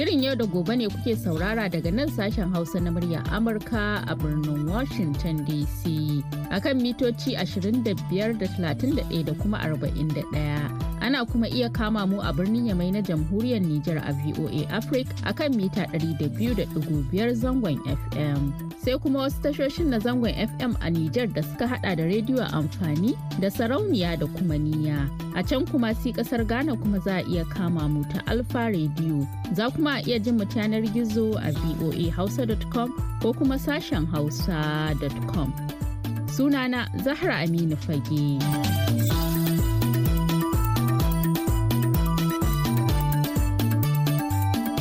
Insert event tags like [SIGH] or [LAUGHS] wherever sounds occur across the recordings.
Shirin yau da gobe ne kuke saurara daga nan sashen Hausa na murya Amurka a birnin Washington DC. Akan mitoci 25 da 31 da kuma 41. Ana kuma iya kama mu a birnin Yamai na Jamhuriyar Nijar a VOA Africa a kan mita 200.5 zangon FM. Sai kuma wasu tashoshin na zangon FM a Nijar da suka hada da rediyo amfani da sarauniya da kuma niya. A can kuma si kasar Ghana kuma za a iya kama mu ta Alfa Rediyo, Za kuma iya jin mu yanar gizo a voahausa.com ko kuma sashen hausa.com. Sunana Zahra Aminu Fage.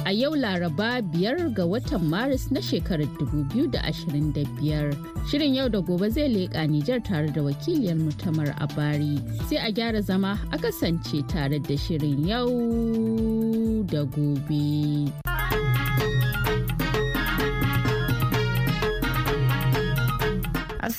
a yau Laraba biyar ga watan Maris na shekarar 2025. Shirin yau da gobe zai leƙa Nijar tare da wakiliyar mutamar a bari. Sai a gyara zama a kasance tare da shirin yau da gobe.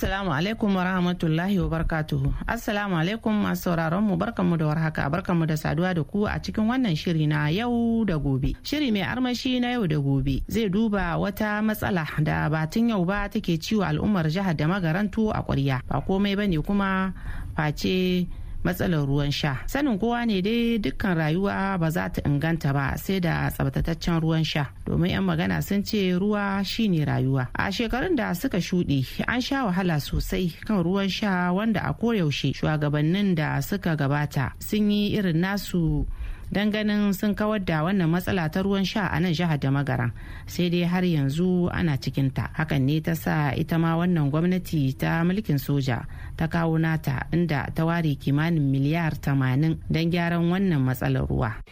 Assalamu alaikum wa rahmatullahi wa barkatuhu. Assalamu alaikum masu sauraron mu barkanmu da warhaka barkanmu da saduwa da ku a cikin wannan shiri na yau da gobe. Shiri mai armashi na yau da gobe zai duba wata matsala da batun yau ba take ciwo al'ummar jihar da magarantu a ƙwarya. Ba komai bane kuma face matsalar ruwan sha sanin kowa ne dai dukkan rayuwa ba za ta inganta ba sai da tsabtataccen ruwan sha domin 'yan magana sun ce ruwa shine rayuwa a shekarun da suka shuɗe an sha wahala sosai kan ruwan sha wanda a koyaushe shugabannin da suka gabata sun yi irin nasu don ganin sun kawar da wannan matsala ta ruwan sha a nan jihar da magaran sai dai har yanzu ana cikin ta hakan ne ta sa ita ma wannan gwamnati ta mulkin soja ta kawo nata inda ta ware kimanin miliyar tamanin don gyaran wannan matsalar ruwa.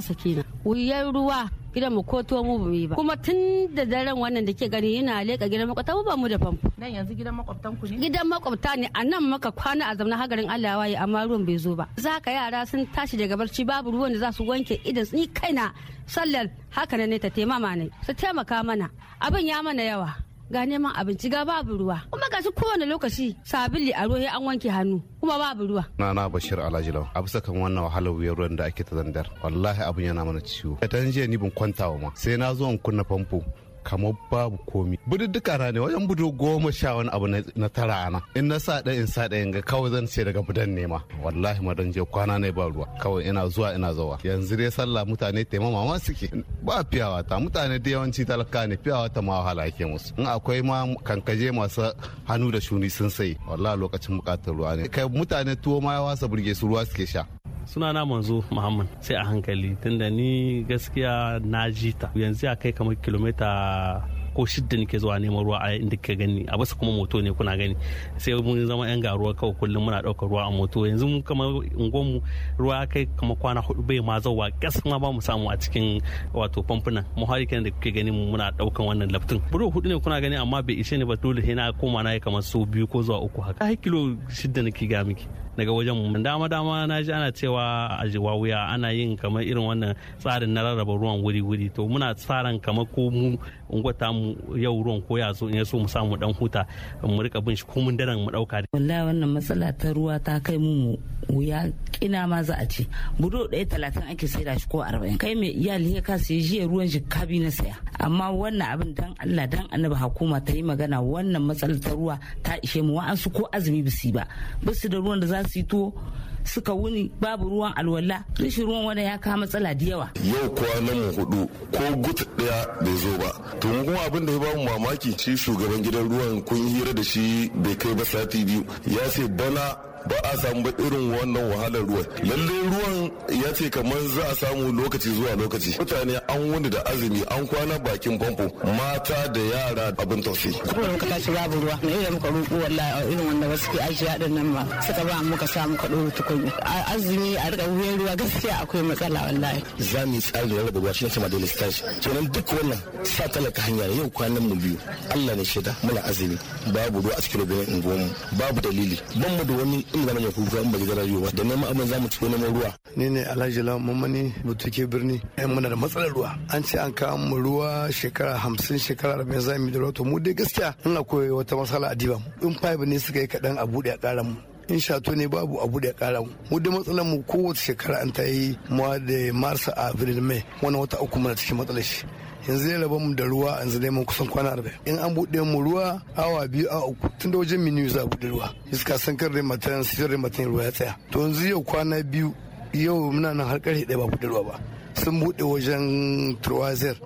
sakina, wuyar ruwa gidan mu ko tuwo mu bai ba kuma tun da daren wannan da ke gani yana leka gidan makwabta mu ba mu da famfo nan yanzu gidan makwabtan ku ne gidan makwabta ne a nan maka kwana a zamanin hagarin Allah waye amma ruwan bai zo ba zaka yara sun tashi daga barci babu ruwan da za su wanke idan ni kaina sallar haka ne ta taimama ne su taimaka mana abin ya mana yawa ga neman abinci ga babu ruwa kuma ga su kowane lokaci sabili a ruwa an wanke hannu kuma babu ruwa na na bashir alhaji lau a bisa kan wannan wahalar wuyar ruwan da ake ta zandar wallahi abin yana mana ciwo ta jiya ni ban wa ma sai na zo in kunna famfo kamar babu komi bududduka na ne wajen budu goma sha wani abu na tara ana in na sa ɗaya in sa ɗaya ga kawai zan ce daga budan nema wallahi don je kwana ne ba ruwa kawai ina zuwa ina zawa yanzu dai sallah mutane taimama ma suke ba fiyawa ta mutane da yawanci talaka ne fiyawa ta ma wahala musu in akwai ma kankaje masu hannu da shuni sun sayi. wallahi lokacin bukatar ruwa ne kai mutane tuwo ma ya wasa burge su ruwa suke sha sunana manzo muhammad sai a hankali tunda ni gaskiya na jita yanzu ya kai kamar kilomita ko shidda nake zuwa neman ruwa a inda ka gani a basu kuma moto ne kuna gani sai mun zama yan garuwa kawai kullum muna ɗaukar ruwa a moto yanzu mun kamar unguwanmu ruwa kai kamar kwana hudu bai ma zauwa gas ma ba mu samu a cikin wato famfunan mu har kenan da kuke gani muna ɗaukan wannan laftin buru hudu ne kuna gani amma bai ishe ne ba dole sai na koma na kamar so biyu ko zuwa uku haka ai kilo shidda nake ga miki daga wajen mu dama dama na ji ana cewa a wuya ana yin kamar irin wannan tsarin na rarraba ruwan wuri wuri to muna tsaran kamar ko mu ungwata mu mu yau ruwan ko ya zo in ya so mu samu dan huta mu rika bin shi ko mun daren mu dauka wallahi wannan matsala ta ruwa ta kai mu wuya kina ma za a ce budo ɗaya talatin ake saida shi ko arba'in kai mai iyali ya ka sayi jiya ruwan kabi na saya amma wannan abin dan Allah dan annabi hukuma ta yi magana wannan matsalar ta ruwa ta ishe mu wa'ansu ko azumi bisi ba basu da ruwan da za su yi tuwo suka wuni babu ruwan alwala rashin ruwan wani ya kawo matsala da yawa yau kwanan mu hudu ko gut daya bai zo ba to mun kuma abin da ya bamu mamaki shi shugaban gidan ruwan kun hira da shi bai kai ba sati biyu ya ce bana ba a samu ba irin wannan wahalar ruwan lalle ruwan ya ce kamar za a samu lokaci zuwa lokaci mutane an wani da azumi an kwana bakin famfo mata da yara abin tausayi kuma muka tashi babu ruwa na irin muka roƙo wallahi irin wanda wasu ke aiki a nan ma suka ba muka samu ka ɗora tukunya azumi a rika wuyan ruwa gaskiya akwai matsala wallahi za mu yi tsari da ruwa shi ne kama daily tashi kenan duk wannan sa talaka hanya yau kwanan mu biyu Allah ne shaida muna azumi babu ruwa a cikin ruwan unguwarmu babu dalili ban mu da wani in ba ya kuka in ba gidan rayuwa ba da neman abin za mu ci neman ruwa ni ne alhaji lawan mamani butuke birni yan eh, muna da matsalar ruwa an ce an kawo mu ruwa shekara hamsin shekara arba'in za mu da ruwa to mu dai gaskiya in akwai wata matsala a diba in five ne suka yi kaɗan a buɗe a ƙara mu in shato ne babu abu da kara mu da matsalar mu kowace shekara an ta yi mu da marsa a mai wannan wata uku muna cikin matsalar shi yanzu ne rabon mu da ruwa yanzu dai mun kusan kwana arba'in in an buɗe mu ruwa awa biyu a uku tun da wajen mini za a buɗe ruwa iska sun kar da matan sitar da matan ruwa ya tsaya to yanzu yau kwana biyu yau muna nan har karfe ɗaya ba buɗe ruwa ba sun buɗe wajen turwazer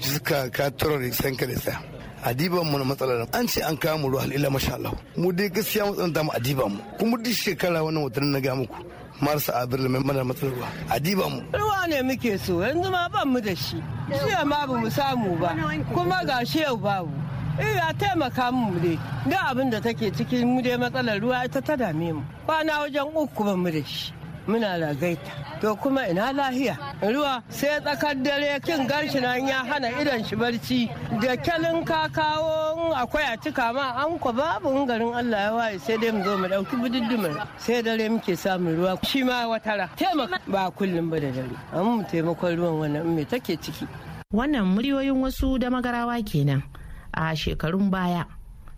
iska ka tura turar sun kar tsaya adiban mu na matsalar an ce an kawo mu ruwa halila masha Allah mu dai gaskiya matsalar mu adiban mu kuma duk shekara wannan watan na ga muku marasa abirla mai mana matsalar ruwa a diba mu ruwa ne muke so yanzu ma ban mu da shi jiya ma ba mu samu ba kuma ga shi yau babu eh, ya taimaka mu dai da abin da take cikin mu dai matsalar ruwa ita ta dame mu kwana wajen uku ban mu da shi muna ragaita to kuma ina lahiya ruwa sai tsakar dare kin garshi ya hana idon shi barci da kyalin ka kawo akwai a cika ma an ku babu garin Allah ya waye sai dai mu zo mu dauki bududdumar sai dare muke samun ruwa shi ma watara taimaka ba kullum ba da dare amma mu taimakon ruwan wannan me take ciki wannan muryoyin wasu da magarawa kenan a shekarun baya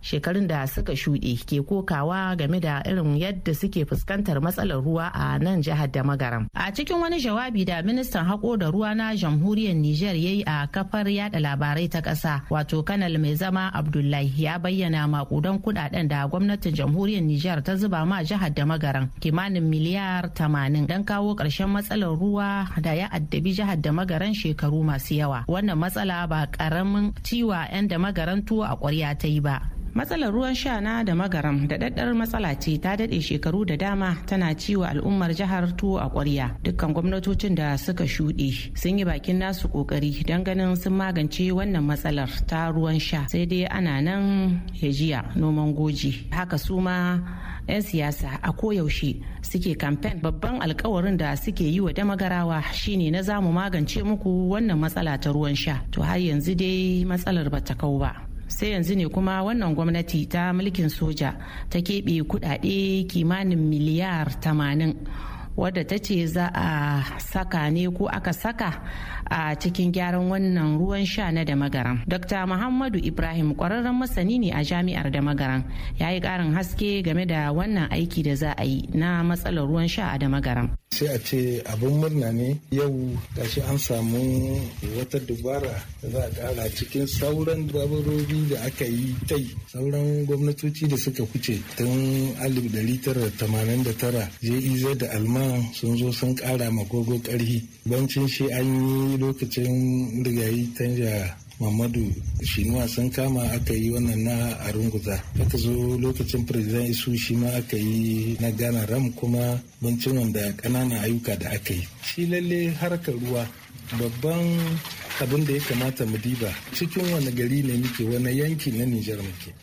shekarun da suka shuɗe ke kokawa game da irin yadda suke fuskantar matsalar ruwa a nan jihar da magaram a cikin wani jawabi da ministan haƙo da ruwa na jamhuriyar Nijar ya yi a kafar yada labarai ta ƙasa wato kanal mai zama abdullahi ya bayyana makudan kuɗaɗen da gwamnatin jamhuriyar Nijar ta zuba ma jihar da magaram kimanin miliyar 80 don kawo ƙarshen matsalar ruwa da ya addabi jihar da magaran shekaru masu yawa wannan matsala ba ƙaramin ciwa 'yan da magaran tuwo a ƙwarya ta yi ba matsalar ruwan sha na da magaram da daddar matsala ce ta dade shekaru da dama tana ciwa al'ummar jihar tuwo a kwarya dukkan gwamnatocin da suka shuɗe sun yi bakin nasu kokari don ganin sun magance wannan matsalar ta ruwan sha sai dai ana nan hejiya noman goji haka su ma 'yan siyasa a koyaushe suke kamfen babban alkawarin da suke yi wa damagarawa shine na zamu magance muku wannan matsala ta ruwan sha to har yanzu dai matsalar bata kau ba sai yanzu ne kuma wannan gwamnati ta mulkin soja ta keɓe kudade kimanin miliyar 80 wadda ta ce za a saka ne ko aka saka a cikin gyaran wannan ruwan sha na da magaran dr muhammadu ibrahim ƙwararren masani ne a jami'ar da magaran ya yi karin haske game da wannan aiki da za a yi na matsalar ruwan sha a da magaran sai a ce abin murna ne yau gashi an samu wata dubara da za a kara cikin sauran dabarori da aka yi tai sauran gwamnatoci da suka kuce tun 1989 jez da alman sun zo sun kara magogo karhi bancin shi an yi lokacin lokacin rigayi canja Muhammadu Shinuwa sun kama aka yi wannan na Arunguza. Aka zo lokacin Firizidan Isu shi ma aka yi na gana Ram kuma bincin wanda ƙanana ayyuka da aka yi. Shi lalle harkar ruwa babban abin da ya kamata mu diba cikin wani gari ne muke wani yanki na Nijar muke.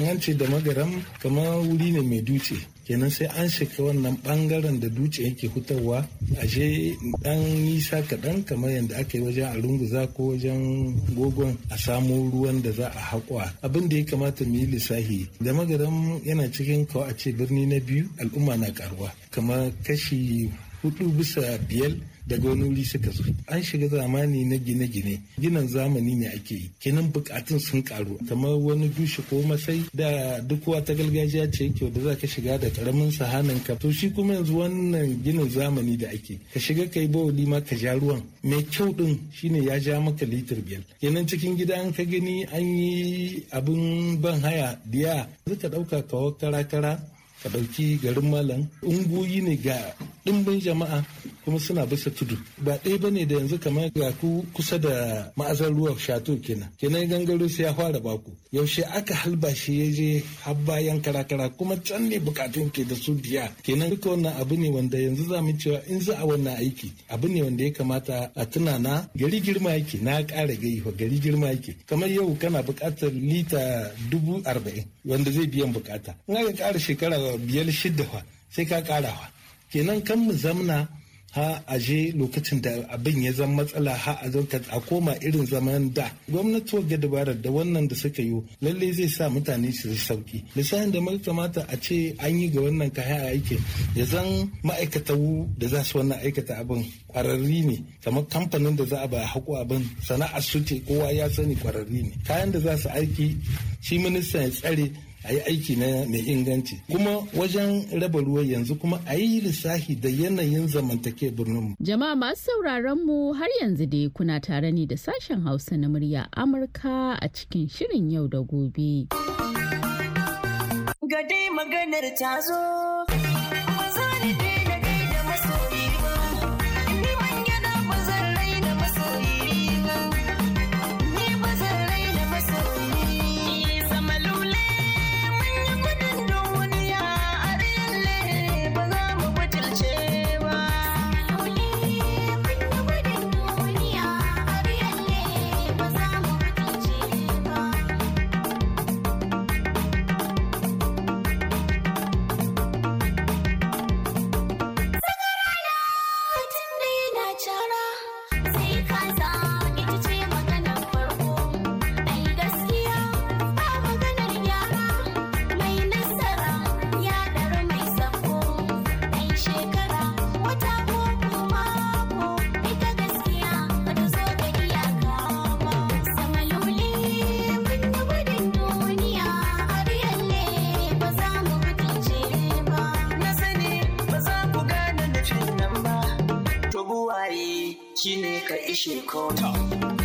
an ce da magaram kamar wuri ne mai dutse kenan sai an shiga wannan bangaren da dutse yake hutawa je dan nisa kaɗan kamar yadda aka yi wajen arunguza ko wajen gogon a samo ruwan da za a haƙwa abin da ya kamata mu yi lissahi da magaram yana cikin kawai a ce birni na biyu al'umma na karuwa kamar kashi hudu bisa biyar daga wani wuri suka zo an shiga zamani na gine-gine ginin zamani ne ake yi kinan bukatun sun karu kamar wani dushe ko masai da duk wata gargajiya ce kyau da za ka shiga da karamin sahanan ka to shi kuma yanzu wannan ginin zamani da ake ka shiga kai bawali ma ka ja ruwan mai kyau din shine ya ja maka litir biyar kenan cikin gida an ka gani an yi abin ban haya diya zaka dauka kawo kara-kara ka ɗauki garin malam ungoyi ne ga ɗimbin jama'a kuma suna bisa tudu ba ɗaya ba ne da yanzu kamar ga ku kusa da ma'azan ruwa shato kenan kenan gangaro sai ya fara baku yaushe aka halba shi ya je har bayan karakara kuma can ne bukatun ke da su biya kenan duka wannan abu ne wanda yanzu za mu cewa in za a wannan aiki abu ne wanda ya kamata a tuna na gari girma yake na ƙara gai fa gari girma yake kamar yau kana buƙatar lita dubu arba'in wanda zai biyan bukata in aka ƙara shekara biyar shidda fa sai ka ƙara fa kenan kan mu zamna ha a je lokacin da abin ya zama matsala ha a zonka a koma irin zaman da gwamnati ga dabarar da wannan da suka yi lalle zai sa mutane su sauki lissafin da mai kamata a ce an yi ga wannan kayan aikin ya zan ma'aikatawu da za su wannan aikata abin kwararri ne kamar kamfanin da za a bayar haƙo abin sana'ar su ce kowa ya sani kwararri ne kayan da za su aiki shi minista ya tsare a yi aiki na mai inganci kuma wajen raba ruwa yanzu kuma a yi lissafi da yanayin zamantake birnin mu jama'a masu sauraron mu har yanzu dai kuna tare ne da sashen hausa na murya amurka a cikin shirin yau da gobe. dai maganar ta zo. should call.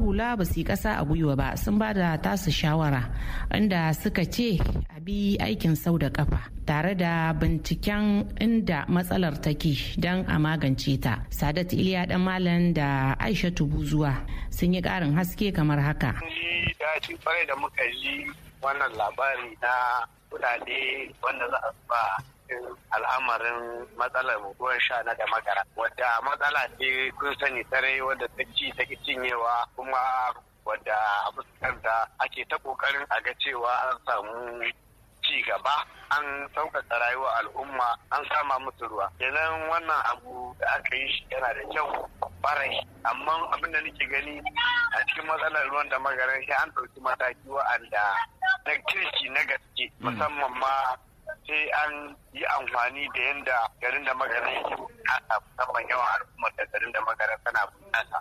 hula ba su yi ƙasa a gwiwa ba sun ba da tasu shawara inda suka ce a bi aikin sau da kafa tare da binciken inda matsalar take don a magance ta sadat iliya dan malam da aisha tubu zuwa sun yi ƙarin haske kamar haka da muka yi wannan labari na kudade wanda za a ba cikin al'amarin matsalar ruwan sha na da magara wadda matsala ce kun sani tare wadda ta ci ta cinyewa kuma wadda a fuskanta ake ta kokarin a ga cewa an samu ci gaba an sauƙaƙa rayuwar al'umma an sama musu ruwa kenan wannan abu da aka yi shi yana da kyau barai amma abin da nake gani a cikin matsalar ruwan da magaran sai an ɗauki mataki wa'anda na kirki na gaske musamman ma sai an yi amfani da yadda garin da magana yake bukata musamman yawan al'ummar da garin da magana tana bukata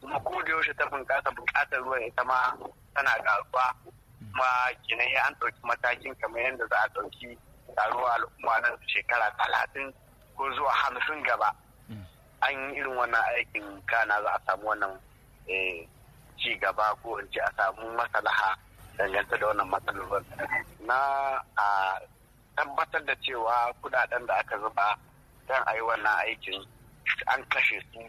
kuma ko da yaushe ta bunkasa bukatar ruwan ita ma tana karuwa kuma ya an ɗauki matakin kamar yadda za a ɗauki karuwa al'umma nan shekara talatin ko zuwa hamsin gaba an yi irin wannan aikin kana za a samu wannan eh, ci gaba ko in ce a samu masalaha dangance da wannan matsalolin na a tabbatar da cewa kudaden da aka zuba don a yi wannan aikin an kashe su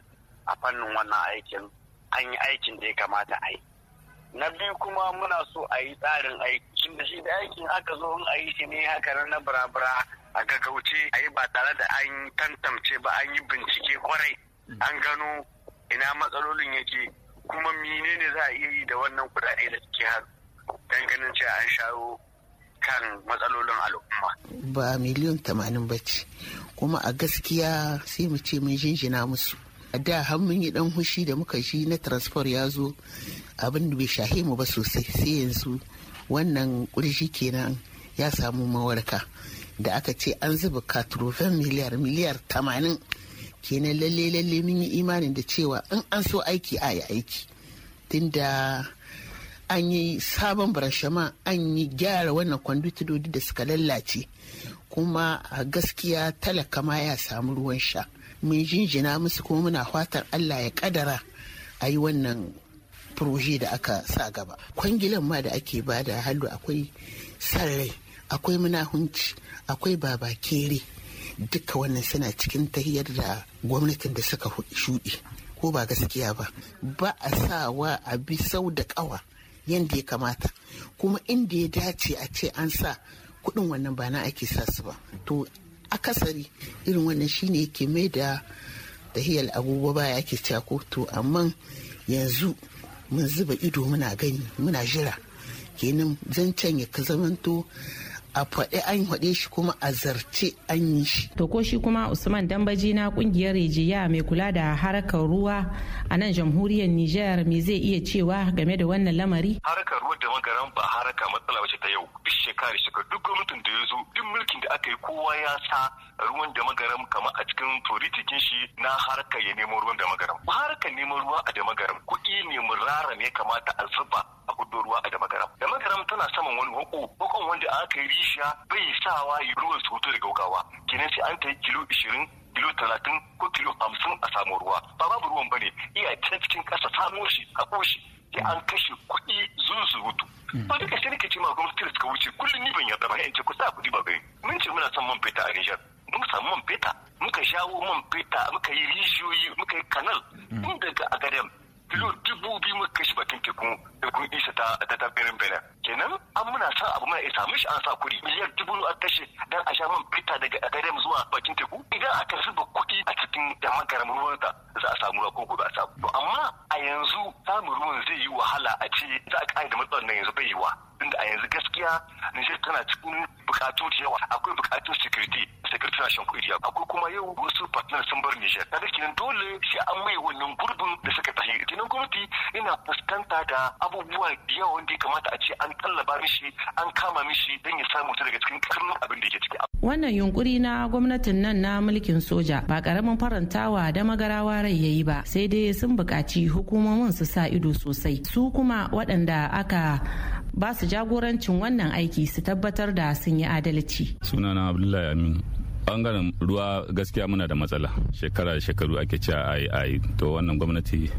a fannin wannan aikin an yi aikin da ya kamata a yi na biyu kuma muna so a yi tsarin aikin da shi da aikin aka zo in a shi ne haka na barabara a gaggauce a yi ba tare da an tantance ba an yi bincike kwarai an gano ina matsalolin yake kuma menene za a iya yi da wannan kudade da suke dan ganin cewa an shawo kan matsalolin al'umma. Ba miliyan tamanin ba ce, kuma a gaskiya sai mu ce mun jinjina musu. A da har mun yi dan hushi da muka shi na transfer ya zo abin da bai shahe mu ba sosai sai yanzu wannan kurji kenan ya samu mawarka da aka ce an zuba katrofen miliyar miliyar tamanin kenan lalle lalle mun yi imanin da cewa in an so aiki a yi aiki tunda an yi sabon barashama an yi gyara wannan kwandutudodi da suka lallace kuma a gaskiya talaka ma ya samu ruwan sha mun jinjina musu kuma muna fatan allah ya kadara a yi wannan furoje da aka sa gaba kwangilan ma da ake ba da halu akwai sarrai akwai munahunci akwai babakere duka wannan suna cikin tahiyar da gwamnatin da suka shuɗe ko ba gaskiya ba ba a sawa a bi sau da kawa. yadda ya kamata kuma inda ya dace a ce an sa kudin wannan bana na ake sa su ba to akasari irin wannan shine yake mai da abubuwa ba ya ke ake cako to amma yanzu mun zuba ido muna gani muna jira kenan zancen ya ka zamanto a faɗi an faɗe shi kuma a zarce an yi shi. To ko shi kuma Usman Dambaji na kungiyar Rijiya mai kula da harkar ruwa a nan jamhuriyar Nijar me zai iya cewa game da wannan lamari? Harkar ruwa da magaran ba haraka matsala bace ta yau. Duk shekara shekara duk gwamnatin da ya zo duk mulkin da aka yi kowa ya sa ruwan da magaran kamar a cikin politikin shi na harkar ya nemo ruwan da magaran. Harkar neman ruwa a da magaran kuɗi ne murara ne kamata a zuba a gudu ruwa a dama garam dama garam tana saman wani hoko hokon wanda aka yi rijiya bai sawa ruwan su hoto daga gaugawa kenan sai an ta yi kilo ishirin kilo talatin ko kilo hamsin a samu ruwa ba babu ruwan bane iya can cikin ƙasa samo shi a ƙoshi sai an kashe kuɗi hoto. Hmm. ba duka sai nake ce ma gwamnati da suka wuce kullum ni ban yarda ba in ce ku sa kuɗi ba bai mun ce muna son man feta a Nijar mun samu man feta muka shawo man feta muka yi rijiyoyi muka yi kanal mun hmm. daga agadem kilo dubu biyu mu kashe bakin teku tekun isa ta ta birin benin kenan an muna sa abu mana isa mishi an sa kuɗi miliyar dubu an kashe dan a sha man fita daga agadem zuwa bakin teku idan aka zuba kuɗi a cikin da ruwan ruwanta za a samu ruwa ko gobe a samu amma a yanzu samun ruwan zai yi wahala a ce za a ƙara da matsalar nan yanzu bai yi wa? tunda a yanzu gaskiya Nijar tana cikin bukatu da yawa akwai bukatun security security shan kuriya akwai kuma yau wasu partner sun bar Niger kaga kinan dole sai an mai wannan gurbin da suka tafi kinan gwamnati ina fuskanta da abubuwa da yawa wanda ya kamata a ce an tallaba mishi an kama mishi don ya samu ta daga cikin karnin abin da ke ciki wannan yunkuri na gwamnatin nan na mulkin soja ba karamin farantawa da magarawa rai yayi ba sai dai sun bukaci hukumomin su sa ido sosai su kuma waɗanda aka ba su jagorancin wannan aiki su tabbatar da sun yi adalci sunana abdullahi aminu bangaren ruwa gaskiya muna da matsala shekara da shekaru ake cewa ai ayi to wannan gwamnati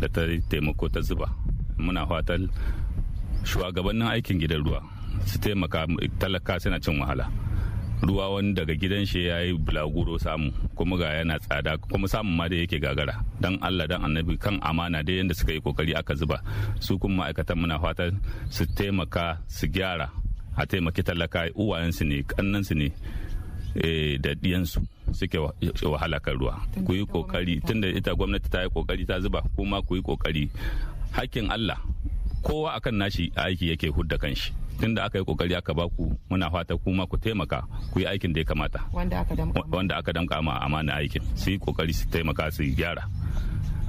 da ta taimako ta zuba muna fatan shugabannin aikin gidan ruwa su taimaka talaka suna cin wahala ruwa wani daga gidan shi ya yi bulaguro samu kuma ga yana tsada kuma samun ma da yake gagara dan allah dan annabi kan amana da yadda suka yi kokari aka zuba su kuma ma'aikatan muna fatan su taimaka su gyara a taimaki talaka uwayensu ne kannansu ne eh, da diyansu suke wahala ruwa ku yi kokari tunda ita gwamnati ta yi kokari ta zuba kuma ku yi kokari hakkin allah kowa akan nashi aiki yake hudda kanshi tun da aka yi kokari aka ba ku muna fata kuma ku taimaka ku yi aikin da ya kamata wanda aka damka ma amana aikin su yi kokari su taimaka su gyara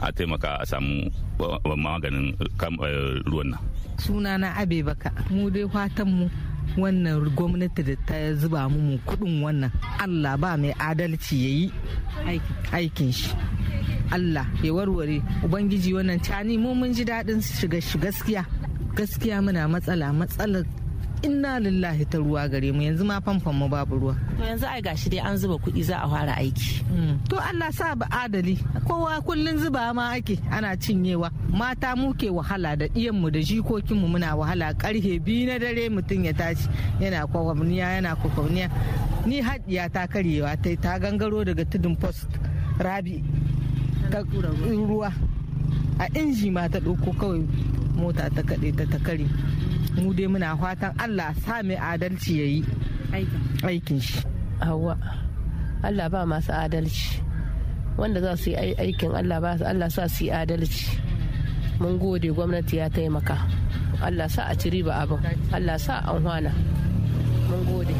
a taimaka a samu eh, maganin eh, ruwan nan suna na abe baka mu dai fatan mu wannan gwamnati da ta zuba mu kudin wannan allah ba mai adalci ya yi aikin shi allah ya warware ubangiji wannan cani mu mun ji daɗin shiga gaskiya gaskiya muna matsala matsalar inna lillahi ta ruwa gare mu yanzu ma famfon mu babu ruwa to yanzu ai gashi dai an zuba kuɗi za a fara aiki hmm. to Allah sa ba adali kowa kullun zuba ma ake ana cinyewa mata muke wahala da ɗiyan mu da jikokin mu muna wahala karhe biyu na dare mutum ya tashi yana kwakwabniya yana kwakwabniya ni haɗiya ta karyewa ta ta gangaro daga tudun post rabi ta ruwa a inji ma ta ɗauko kawai mota ta kaɗe ta takare mu dai muna fatan allah sa mai adalci ya yi aikin shi hawa allah ba masu adalci wanda za su yi aikin allah ba allah sa su yi adalci mun gode gwamnati ya taimaka allah sa a ciri ba abin allah sa an hwana mun gode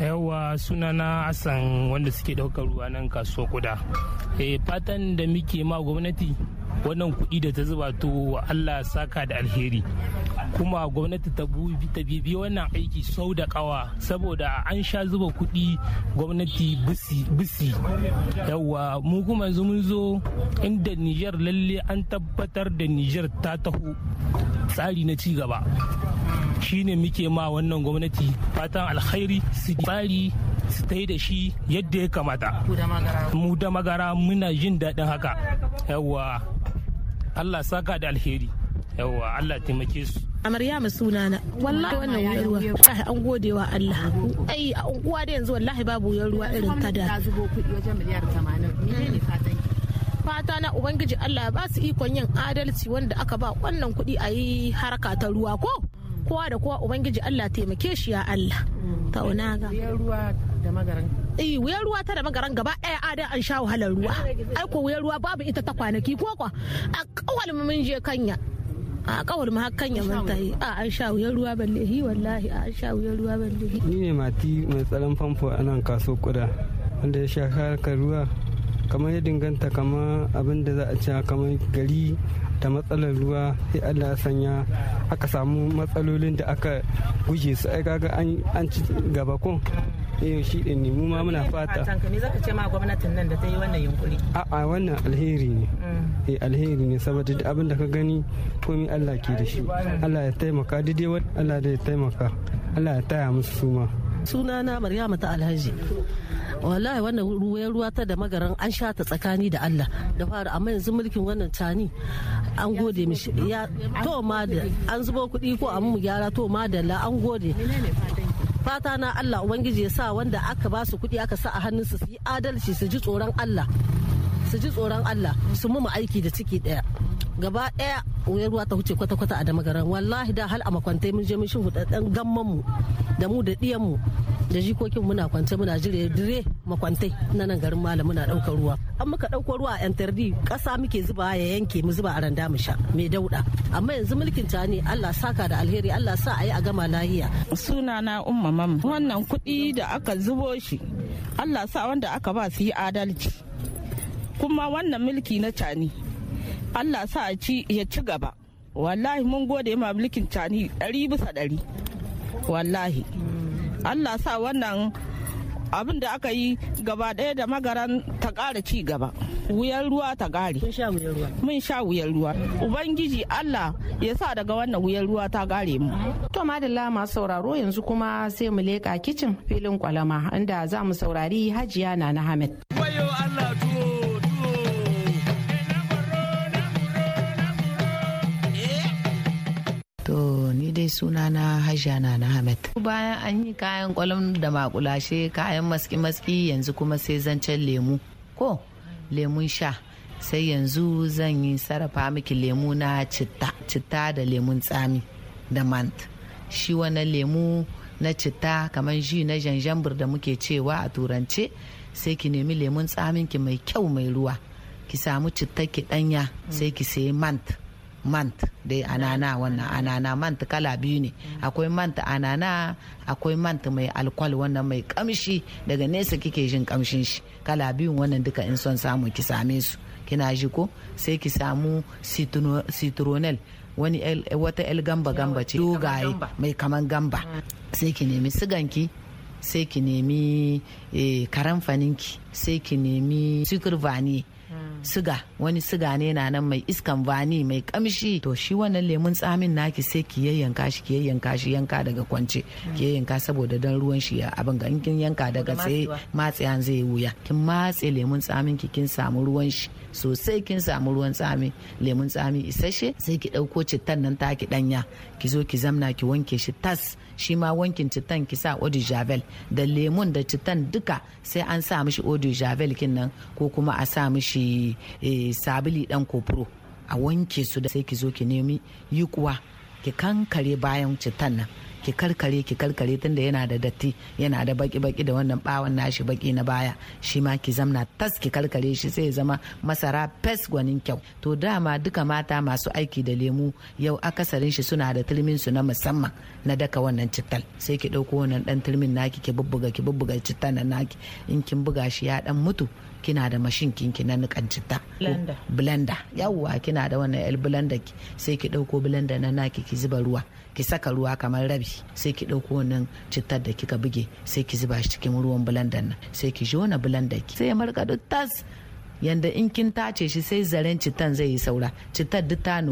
yawa sunana asan wanda suke ɗaukar ruwa nan kasuwa kuda eh, fatan da muke ma gwamnati wannan kuɗi da ta zuba to allah saka da alheri kuma gwamnati ta bibi wannan aiki sau da kawa saboda an sha zuba kuɗi gwamnati bisi yawa mu kuma mun zo inda niger lalle an tabbatar da niger ta taho tsari na cigaba shine muke ma wannan gwamnati fatan alkhairi su tsari su ta da shi yadda ya kamata mu da magara muna jin daɗin haka yawa Allah saka da alheri yawwa Allah taimake su suna sunana wallahi wannan wuyar ruwa wallahi an gode wa Allah ai a unguwa da yanzu wallahi babu wuyar ruwa irin ta da zubo wajen miliyar 80 fatan fata na ubangiji Allah ba su ikon yin adalci wanda aka ba wannan kuɗi a yi haraka ta ruwa ko kowa da kowa ubangiji Allah taimake shi ya Allah mm. tauna ga ruwa da magaran eh wuyar ruwa ta da magaran gaba ɗaya adan an sha wahalar ruwa ai ko wuyar ruwa babu ita ta kwanaki ko kwa a kawal mun je kanya a kawar mu hakan ya mun tai. a an sha wuyar ruwa balle hi wallahi a an sha wuyar ruwa balle hi ni ne mati mai tsaron famfo a nan kaso kuda wanda ya sha harkar ruwa kamar ya dinganta kamar abin da za a ci kamar gari da matsalar ruwa sai Allah ya sanya aka samu matsalolin da aka guje su ai kaga an ci gaba ko eh shi din ne mu ma muna fata fatan ka me zaka ce ma gwamnatin nan da ta yi wannan yunkuri a a wannan alheri ne mm. eh alheri ne saboda duk abin da ka gani komai Allah ke da shi Allah ya taimaka dai wani Allah da ya taimaka Allah ya taya musu suma na Maryama ta Alhaji wallahi wannan ruwa ruwa ta da magaran an sha ta tsakani da Allah da fara amma yanzu mulkin wannan tani an gode mishi ya to ma da an zubo kuɗi ko amma mu gyara to ma da la an gode fata na Allah ubangiji ya sa wanda aka ba su kuɗi aka sa a hannunsu su yi adalci su ji tsoron Allah su ji tsoron Allah su mu aiki da ciki ɗaya gaba ɗaya wayar ruwa ta huce kwata-kwata a damagaran wallahi da hal a makwantai mun je mun shi gamman mu da mu da ɗiyan mu da jikokin muna kwance muna jire dire makwantai na nan garin malam muna daukar ruwa an muka dauko ruwa a yantardi kasa muke zuba ya yanke mu zuba a randa mu sha mai dauda amma yanzu mulkin ta ne Allah saka da alheri Allah sa ayi a gama lahiya na umma mam wannan kudi da aka zubo shi Allah sa wanda aka ba su yi adalci kuma wannan mulki na cani Allah sa ya ci gaba wallahi mun gode ma mulkin cani ɗari bisa ɗari wallahi allah sa wannan abin da aka yi gaba ɗaya da magaran ta ƙara ci gaba wuyan ruwa ta ƙare mun sha wuyan ruwa ubangiji allah ya sa daga wannan wuyan ruwa ta ƙare mu to madalla masu sauraro yanzu kuma sai mu leƙa kicin filin kwalama inda za mu saurari hajiya na na suna sunana hajja na na hamad bayan an yi kayan kwalam da makulashe kayan maski-maski yanzu kuma sai zancen lemu ko lemun sha sai yanzu zan yi sarrafa miki lemu na citta citta da lemun tsami da mant shi wani lemu na citta kamar ji na janjambur da muke cewa a turance sai ki nemi lemun tsamin ki mai kyau mai ruwa ki samu citta ki danya sai ki sayi mant mant dai anana wannan anana mant kala biyu ne akwai mant anana akwai mant mai alkwal wannan mai kamshi daga nesa kike jin kamshin shi kala biyu wannan duka in son samu ki same su kina ji ko sai ki samu citronel wani wata el gamba gamba ce dogaye mai kaman gamba sai ki nemi siganki sai ki nemi eh, karamfaninki sai ki nemi sukurvani siga wani siga ne na nan mai iskan vani mai kamshi to shi wannan lemun tsamin naki sai ki yayyanka shi ki yayyanka shi yanka daga kwance ki yayyanka saboda dan ruwan shi ya abin ga kin yanka daga tsaye matsaya zai wuya kin matse lemun tsamin ki kin samu ruwan shi sosai kin samu ruwan tsami lemun tsami isasshe sai ki dauko cittan nan taki danya ki zo ki zamna ki wanke shi tas shi ma wankin citan ki sa eau de javel da lemun da citan duka sai an sa mishi eau de javel kin nan ko kuma a sa mishi eh, sabili dan kofuro a wanke su da sai ki zo ki nemi yi kuwa ki kankare bayan citan nan ki karkare ki karkare tunda yana da datti yana da baki baki da wannan bawan nashi baki na baya shi ma ki zamna tas ki karkare shi sai zama masara fes gwanin kyau to dama duka mata masu aiki da lemu yau akasarin shi suna da turmin su na musamman na daka wannan cittal sai ki dauko wannan dan turmin naki ki bubbuga ki bubbuga cittan nan naki in kin buga shi ya dan mutu kina da mashin kinki na nukan citta blender yawwa kina da wannan el blender sai ki dauko blender na naki ki zuba ruwa ki saka ruwa kamar rabi sai ki ɗauko wannan cittar da kika buge sai ki zuba shi cikin ruwan bulandan nan sai ki wani bulandan ki sai ya duk tas yanda in kin tace shi sai zaren citan zai yi saura citar duk ta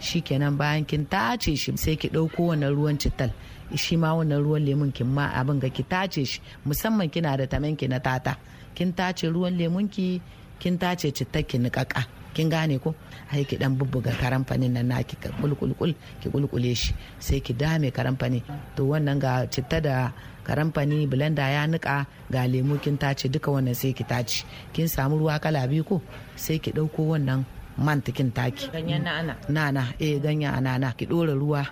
shi kenan bayan kin tace shi sai ki ɗauko wannan ruwan citar shi ma wannan ruwan lemun kin ma abin ga ki tace shi musamman kina da tamanki na tata kin tace ruwan lemun ki kin tace cittar ki niƙaƙa kin gane ko ai ki dan bubbuga karamfanin nan naki ka kulkulkul ki kulkule shi sai ki dame karamfani to wannan ga citta da karamfani blender ya nika ga lemu kin tace duka wannan sai ki tace kin samu ruwa kala biyu ko sai ki dauko wannan mantikin taki ganyen na'ana na'ana eh ganyen anana ki dora ruwa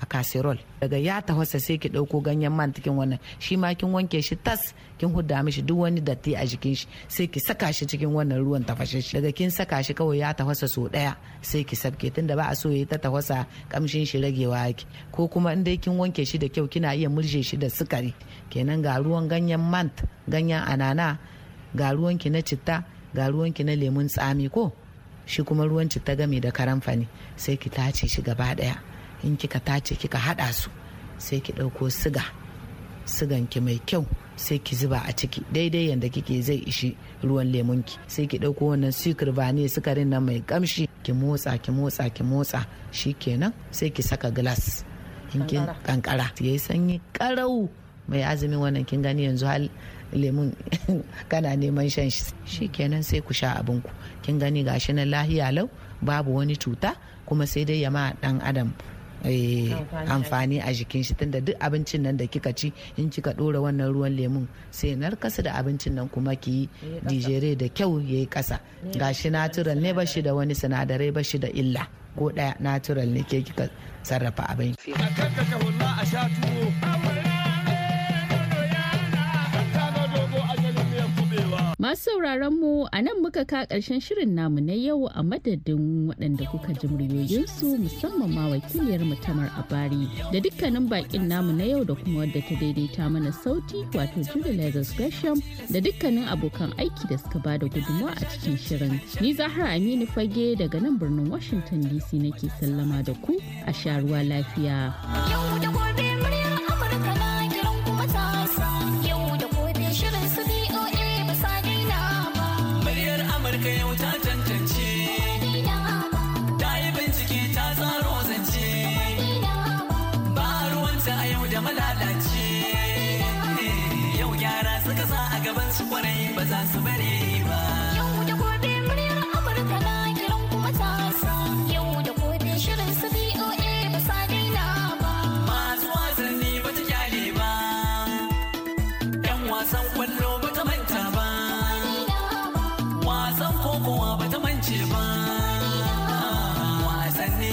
a casserole daga ya tafasa sai ki dauko ganyen man cikin wannan shi ma kin wanke shi tas kin hudda mishi duk wani datti a jikin shi sai ki saka shi cikin wannan ruwan tafashashe daga kin saka shi kawai ya tafasa so daya sai ki sabke tunda ba a so ya ta tafasa kamshin shi ragewa yake ko kuma in dai kin wanke shi da kyau kina iya murje shi da sukari kenan ga ruwan ganyen mant ganyen anana ga ruwanki na citta ga ruwanki na lemun tsami ko shi kuma ruwan citta game da karamfani sai ki tace shi gaba daya in kika tace kika hada su sai ki ɗauko siga siganki mai kyau sai ki zuba a ciki daidai yadda kike zai ishi ruwan ki sai ki ɗauko wannan sukar vani sukarin nan mai kamshi ki motsa ki motsa ki motsa shi sai ki saka glass in kin kankara yayi sanyi karau mai azumin wannan kin gani yanzu hal lemun [LAUGHS] kana neman shan shi kenan sai ku sha abinku kin gani gashi na lahiya lau babu wani cuta kuma sai dai yama dan adam Eh, amfani a jikin shi tunda duk abincin nan da kika ci in kika dora wannan ruwan lemun sai narkasa da abincin nan kuma ki dijere da kyau ya yi kasa gashi natural ne ba shi da wani sinadarai ba shi da illa ko daya natural ne ke kika sarrafa abin. Masu sauraron mu a nan muka ka ƙarshen shirin namu na yau a madadin waɗanda kuka ji muryoyinsu musamman ma wakiliyar mu Tamar Abari da dukkanin baƙin namu na yau da kuma wadda ta daidaita mana sauti wato jude Lazarus Gresham da dukkanin abokan aiki da suka bada gudunmawa a cikin shirin. Ni Zahra Aminu Fage daga nan birnin Washington DC nake sallama da ku a sha ruwa lafiya. Yau